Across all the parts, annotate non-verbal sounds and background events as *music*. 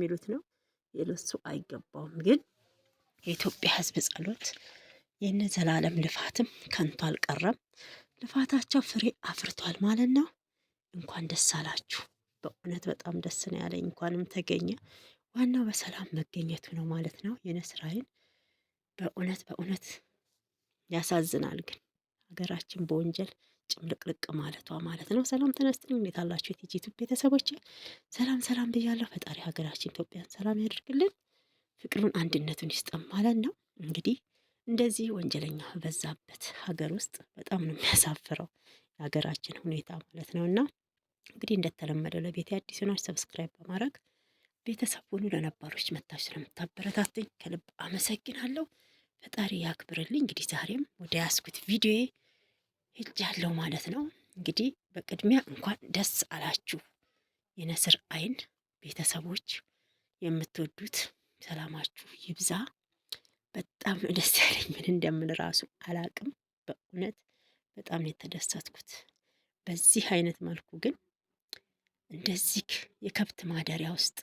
የሚሉት ነው። የለሱ አይገባውም። ግን የኢትዮጵያ ሕዝብ ጸሎት የነ ዘላለም ልፋትም ከንቱ አልቀረም። ልፋታቸው ፍሬ አፍርቷል ማለት ነው። እንኳን ደስ አላችሁ። በእውነት በጣም ደስ ነው ያለኝ። እንኳንም ተገኘ። ዋናው በሰላም መገኘቱ ነው ማለት ነው። የነስራይን በእውነት በእውነት ያሳዝናል። ግን ሀገራችን በወንጀል ጭምልቅልቅ ማለቷ ማለት ነው። ሰላም ጤና እንዴት አላችሁ የቲጂ ዩቲዩብ ቤተሰቦች? ሰላም ሰላም ብያለሁ። ፈጣሪ ሀገራችን ኢትዮጵያን ሰላም ያደርግልን፣ ፍቅሩን አንድነቱን ይስጠን ማለት ነው። እንግዲህ እንደዚህ ወንጀለኛ በዛበት ሀገር ውስጥ በጣም ነው የሚያሳፍረው የሀገራችን ሁኔታ ማለት ነው። እና እንግዲህ እንደተለመደው ለቤት አዲስ ሆናች ሰብስክራይብ በማድረግ ቤተሰብ ሁሉ ለነባሮች መታች ስለምታበረታትኝ ከልብ አመሰግናለሁ። ፈጣሪ ያክብርልኝ። እንግዲህ ዛሬም ወደ ያስኩት ቪዲዮዬ ሄጅ ያለው ማለት ነው። እንግዲህ በቅድሚያ እንኳን ደስ አላችሁ የነስር አይን ቤተሰቦች፣ የምትወዱት ሰላማችሁ ይብዛ። በጣም ደስ ያለኝ ምን እንደምን ራሱ አላቅም። በእውነት በጣም የተደሰትኩት በዚህ አይነት መልኩ ግን እንደዚህ የከብት ማደሪያ ውስጥ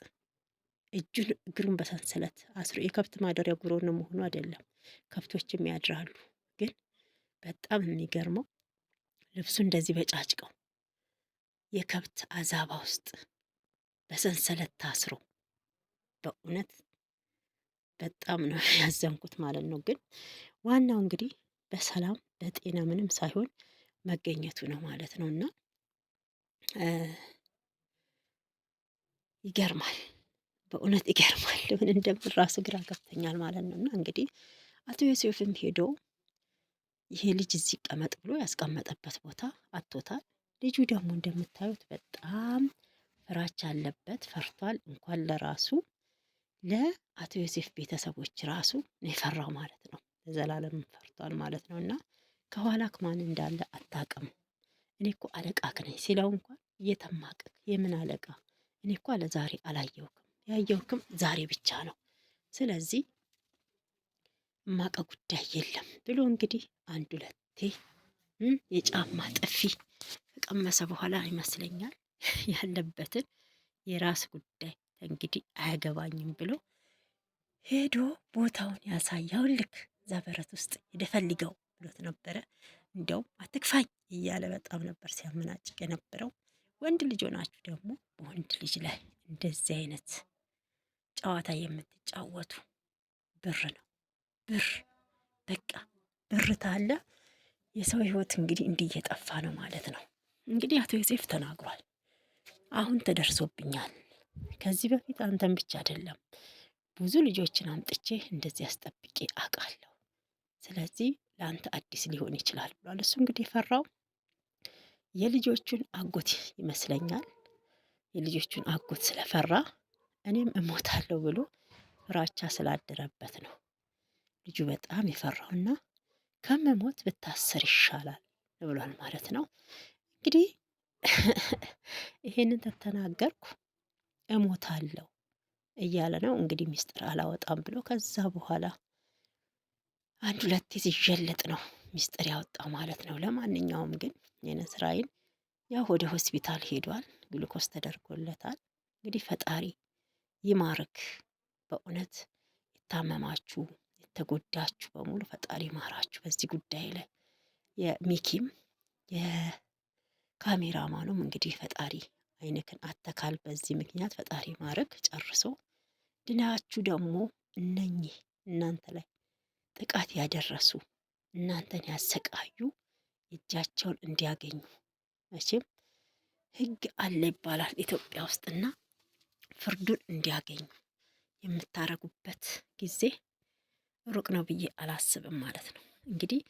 እጁን እግሩን በሰንሰለት አስሮ የከብት ማደሪያ ጉሮን መሆኑ አይደለም፣ ከብቶችም ያድራሉ። ግን በጣም የሚገርመው ልብሱ እንደዚህ በጫጭቀው የከብት አዛባ ውስጥ በሰንሰለት ታስሮ በእውነት በጣም ነው *laughs* ያዘንኩት ማለት ነው። ግን ዋናው እንግዲህ በሰላም በጤና ምንም ሳይሆን መገኘቱ ነው ማለት ነው። እና ይገርማል፣ *laughs* በእውነት ይገርማል። ምን እንደምን ራሱ ግራ ገብተኛል ማለት ነው። እና እንግዲህ አቶ ዮሴፍም ሄዶ ይሄ ልጅ እዚህ ይቀመጥ ብሎ ያስቀመጠበት ቦታ አጥቶታል። ልጁ ደግሞ እንደምታዩት በጣም ፍራቻ አለበት፣ ፈርቷል። እንኳን ለራሱ ለአቶ ዮሴፍ ቤተሰቦች ራሱ ነው የፈራው ማለት ነው። ለዘላለም ፈርቷል ማለት ነው። እና ከኋላክ ማን እንዳለ አታቅም። እኔ እኮ አለቃክ ነኝ ሲለው እንኳን እየተማቅክ የምን አለቃ እኔ እኮ ለዛሬ አላየውክም፣ ያየውክም ዛሬ ብቻ ነው። ስለዚህ ማቀ ጉዳይ የለም ብሎ እንግዲህ አንድ ሁለቴ የጫማ ጥፊ ከቀመሰ በኋላ ይመስለኛል *laughs* ያለበትን የራስ ጉዳይ እንግዲህ አያገባኝም ብሎ ሄዶ ቦታውን ያሳያው ልክ እዛ በረት ውስጥ የደፈልገው ብሎት ነበረ። እንዲያውም አትክፋኝ እያለ በጣም ነበር ሲያመናጭቅ የነበረው። ወንድ ልጅ ሆናችሁ ደግሞ በወንድ ልጅ ላይ እንደዚህ አይነት ጨዋታ የምትጫወቱ ብር ነው ብር በቃ ብር ታለ የሰው ህይወት እንግዲህ እንዲህ እየጠፋ ነው ማለት ነው። እንግዲህ አቶ ዮሴፍ ተናግሯል። አሁን ተደርሶብኛል። ከዚህ በፊት አንተን ብቻ አይደለም ብዙ ልጆችን አምጥቼ እንደዚህ አስጠብቄ አውቃለሁ። ስለዚህ ለአንተ አዲስ ሊሆን ይችላል ብሏል። እሱ እንግዲህ የፈራው የልጆቹን አጎት ይመስለኛል። የልጆቹን አጎት ስለፈራ እኔም እሞታለሁ ብሎ ፍራቻ ስላደረበት ነው። ልጁ በጣም የፈራውና ከመሞት ብታሰር ይሻላል ብሏል ማለት ነው። እንግዲህ *laughs* ይሄንን ተተናገርኩ እሞታለሁ እያለ ነው እንግዲህ ሚስጥር አላወጣም ብሎ ከዛ በኋላ አንድ ሁለቴ ሲጀለጥ ነው ሚስጥር ያወጣው ማለት ነው። ለማንኛውም ግን የነስራይን ስራይን ያው ወደ ሆስፒታል ሄዷል። ግሉኮስ ተደርጎለታል። እንግዲህ ፈጣሪ ይማርክ በእውነት ይታመማችሁ የተጎዳችሁ በሙሉ ፈጣሪ ማራችሁ። በዚህ ጉዳይ ላይ የሚኪም የካሜራማኑም እንግዲህ ፈጣሪ አይንክን አተካል በዚህ ምክንያት ፈጣሪ ማረግ ጨርሶ ድናችሁ ደግሞ እነኚህ እናንተ ላይ ጥቃት ያደረሱ እናንተን ያሰቃዩ እጃቸውን እንዲያገኙ መቼም ሕግ አለ ይባላል ኢትዮጵያ ውስጥና ፍርዱን እንዲያገኙ የምታረጉበት ጊዜ ሩቅ ነው ብዬ አላስብም ማለት ነው። እንግዲህ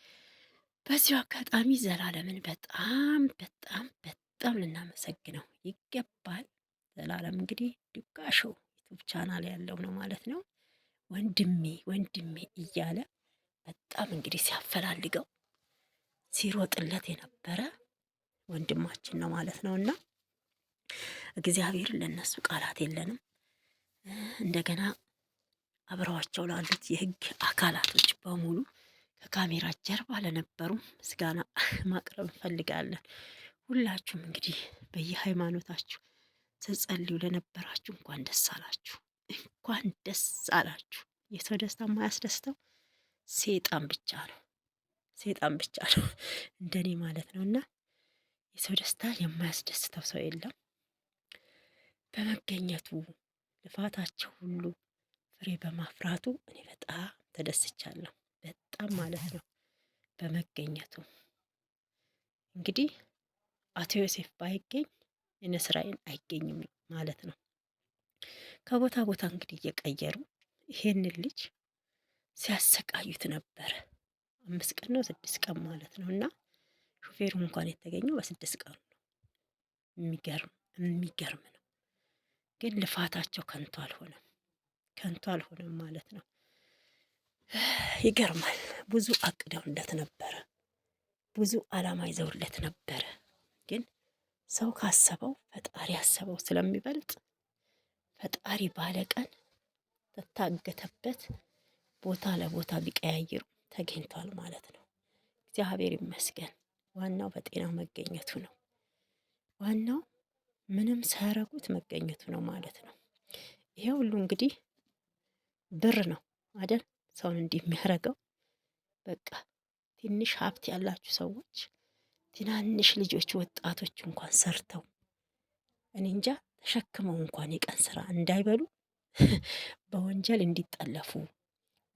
በዚሁ አጋጣሚ ዘላለምን በጣም በጣም በጣም ልናመሰግነው ይገባል። ዘላለም እንግዲህ ድጋሾ ዩቱብ ቻናል ያለው ነው ማለት ነው። ወንድሜ ወንድሜ እያለ በጣም እንግዲህ ሲያፈላልገው ሲሮጥለት የነበረ ወንድማችን ነው ማለት ነው። እና እግዚአብሔርን ለእነሱ ቃላት የለንም እንደገና አብረዋቸው ላሉት የህግ አካላቶች በሙሉ ከካሜራ ጀርባ ለነበሩ ምስጋና *laughs* ማቅረብ እንፈልጋለን። ሁላችሁም እንግዲህ በየሃይማኖታችሁ ተጸልዩ ለነበራችሁ እንኳን ደስ አላችሁ፣ እንኳን ደስ አላችሁ። የሰው ደስታ የማያስደስተው ሴጣን ብቻ ነው፣ ሴጣን ብቻ ነው *laughs* እንደኔ ማለት ነው። እና የሰው ደስታ የማያስደስተው ሰው የለም። በመገኘቱ ልፋታቸው ሁሉ ፍሬ በማፍራቱ እኔ በጣም ተደስቻለሁ። በጣም ማለት ነው በመገኘቱ እንግዲህ አቶ ዮሴፍ ባይገኝ እነ ስራዬን አይገኝም ማለት ነው። ከቦታ ቦታ እንግዲህ እየቀየሩ ይሄንን ልጅ ሲያሰቃዩት ነበረ። አምስት ቀን ነው ስድስት ቀን ማለት ነው። እና ሹፌሩ እንኳን የተገኘው በስድስት ቀኑ ነው። የሚገርም የሚገርም ነው። ግን ልፋታቸው ከንቱ አልሆነም። ከንቱ አልሆነም ማለት ነው። ይገርማል። ብዙ አቅደውለት ነበረ፣ ብዙ አላማ ይዘውለት ነበረ። ግን ሰው ካሰበው ፈጣሪ ያሰበው ስለሚበልጥ ፈጣሪ ባለቀን ተታገተበት ቦታ ለቦታ ቢቀያይሩ ተገኝቷል ማለት ነው። እግዚአብሔር ይመስገን። ዋናው በጤናው መገኘቱ ነው። ዋናው ምንም ሳያረጉት መገኘቱ ነው ማለት ነው። ይሄ ሁሉ እንግዲህ ብር ነው አይደል ሰውን እንዲህ የሚያደርገው። በቃ ትንሽ ሀብት ያላችሁ ሰዎች ትናንሽ ልጆች ወጣቶች እንኳን ሰርተው እኔ እንጃ ተሸክመው እንኳን የቀን ስራ እንዳይበሉ *laughs* በወንጀል እንዲጠለፉ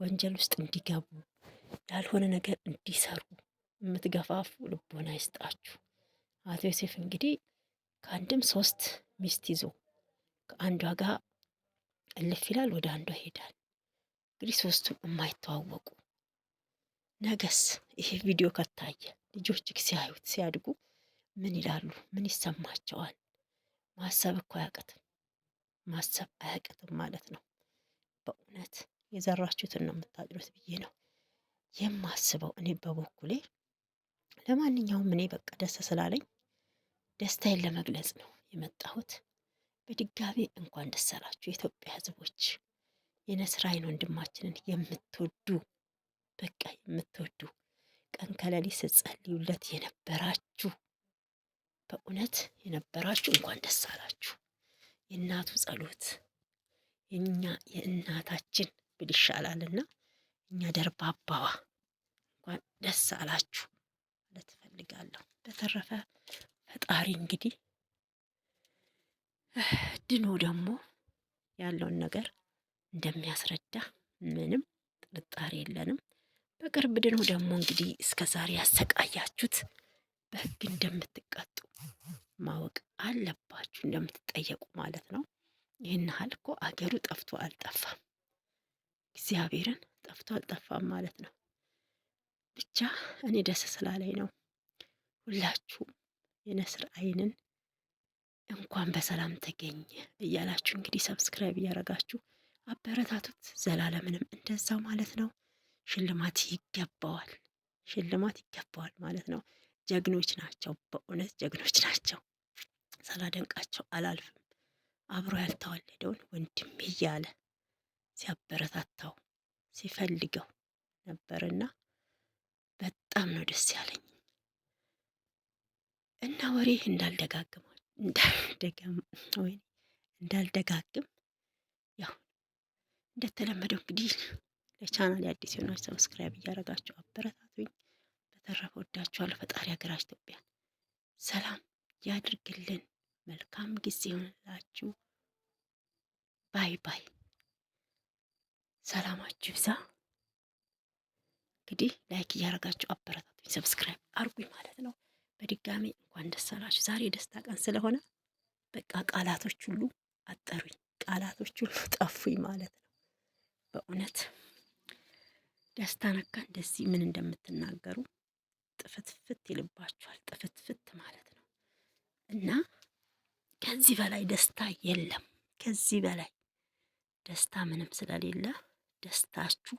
ወንጀል ውስጥ እንዲገቡ ያልሆነ ነገር እንዲሰሩ የምትገፋፉ ልቦና ይስጣችሁ። አቶ ዮሴፍ እንግዲህ ከአንድም ሶስት ሚስት ይዞ ከአንዷ ጋር እልፍ ይላል፣ ወደ አንዷ ይሄዳል። እንግዲህ ሶስቱም የማይተዋወቁ ነገስ ይሄ ቪዲዮ ከታየ ልጆች ሲያዩት ሲያድጉ ምን ይላሉ? ምን ይሰማቸዋል? ማሰብ እኮ አያቅትም። ማሰብ አያቅትም ማለት ነው። በእውነት የዘራችሁትን ነው የምታድሩት ብዬ ነው የማስበው እኔ በበኩሌ። ለማንኛውም እኔ በቃ ደስ ስላለኝ ደስታዬን ለመግለጽ ነው የመጣሁት። በድጋሚ እንኳን ደስ አላችሁ የኢትዮጵያ ሕዝቦች። የነስራይን ወንድማችንን የምትወዱ በቃ የምትወዱ ቀን ከሌሊት ስትጸልዩለት የነበራችሁ በእውነት የነበራችሁ እንኳን ደስ አላችሁ። የእናቱ ጸሎት የእኛ የእናታችን ብል ይሻላልና እኛ ደርባባዋ እንኳን ደስ አላችሁ ማለት እፈልጋለሁ። በተረፈ ፈጣሪ እንግዲህ ድኖ ደግሞ ያለውን ነገር እንደሚያስረዳ ምንም ጥርጣሬ የለንም። በቅርብ ድኑ ደግሞ እንግዲህ እስከ ዛሬ ያሰቃያችሁት በህግ እንደምትቀጡ ማወቅ አለባችሁ፣ እንደምትጠየቁ ማለት ነው። ይህን ያህል እኮ አገሩ ጠፍቶ አልጠፋም፣ እግዚአብሔርን ጠፍቶ አልጠፋም ማለት ነው። ብቻ እኔ ደስ ስላለኝ ነው። ሁላችሁም የነስር አይንን እንኳን በሰላም ተገኘ እያላችሁ እንግዲህ ሰብስክራይብ እያረጋችሁ አበረታቱት። ዘላለምንም እንደዛው ማለት ነው። ሽልማት ይገባዋል፣ ሽልማት ይገባዋል ማለት ነው። ጀግኖች ናቸው፣ በእውነት ጀግኖች ናቸው። ሳላደንቃቸው አላልፍም። አብሮ ያልተዋለደውን ወንድሜ እያለ ሲያበረታታው ሲፈልገው ነበርና በጣም ነው ደስ ያለኝ እና ወሬ እንዳልደጋግም ወይ እንዳልደጋግም እንደተለመደው እንግዲህ ለቻናል የአዲስ የሆናችሁ ሰብስክራይብ እያደረጋችሁ አበረታቱኝ። በተረፈ ወዳችኋለሁ። ፈጣሪ ሀገራችን ኢትዮጵያን ሰላም ያድርግልን። መልካም ጊዜ ይሆንላችሁ። ባይ ባይ። ሰላማችሁ ይብዛ። እንግዲህ ላይክ እያደረጋችሁ አበረታቱኝ፣ ሰብስክራይብ አርጉኝ ማለት ነው። በድጋሚ እንኳን ደስ አላችሁ። ዛሬ ደስታ ቀን ስለሆነ በቃ ቃላቶች ሁሉ አጠሩኝ፣ ቃላቶች ሁሉ ጠፉኝ ማለት ነው። በእውነት ነካ እንደዚህ ምን እንደምትናገሩ ጥፍትፍት ይልባችኋል። ጥፍትፍት ማለት ነው እና ከዚህ በላይ ደስታ የለም። ከዚህ በላይ ደስታ ምንም ስለሌለ ደስታችሁ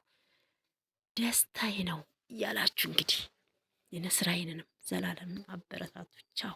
ደስታዬ ነው እያላችሁ እንግዲህ የነስራዬንንም ዘላለምን አበረታቱ። ቻው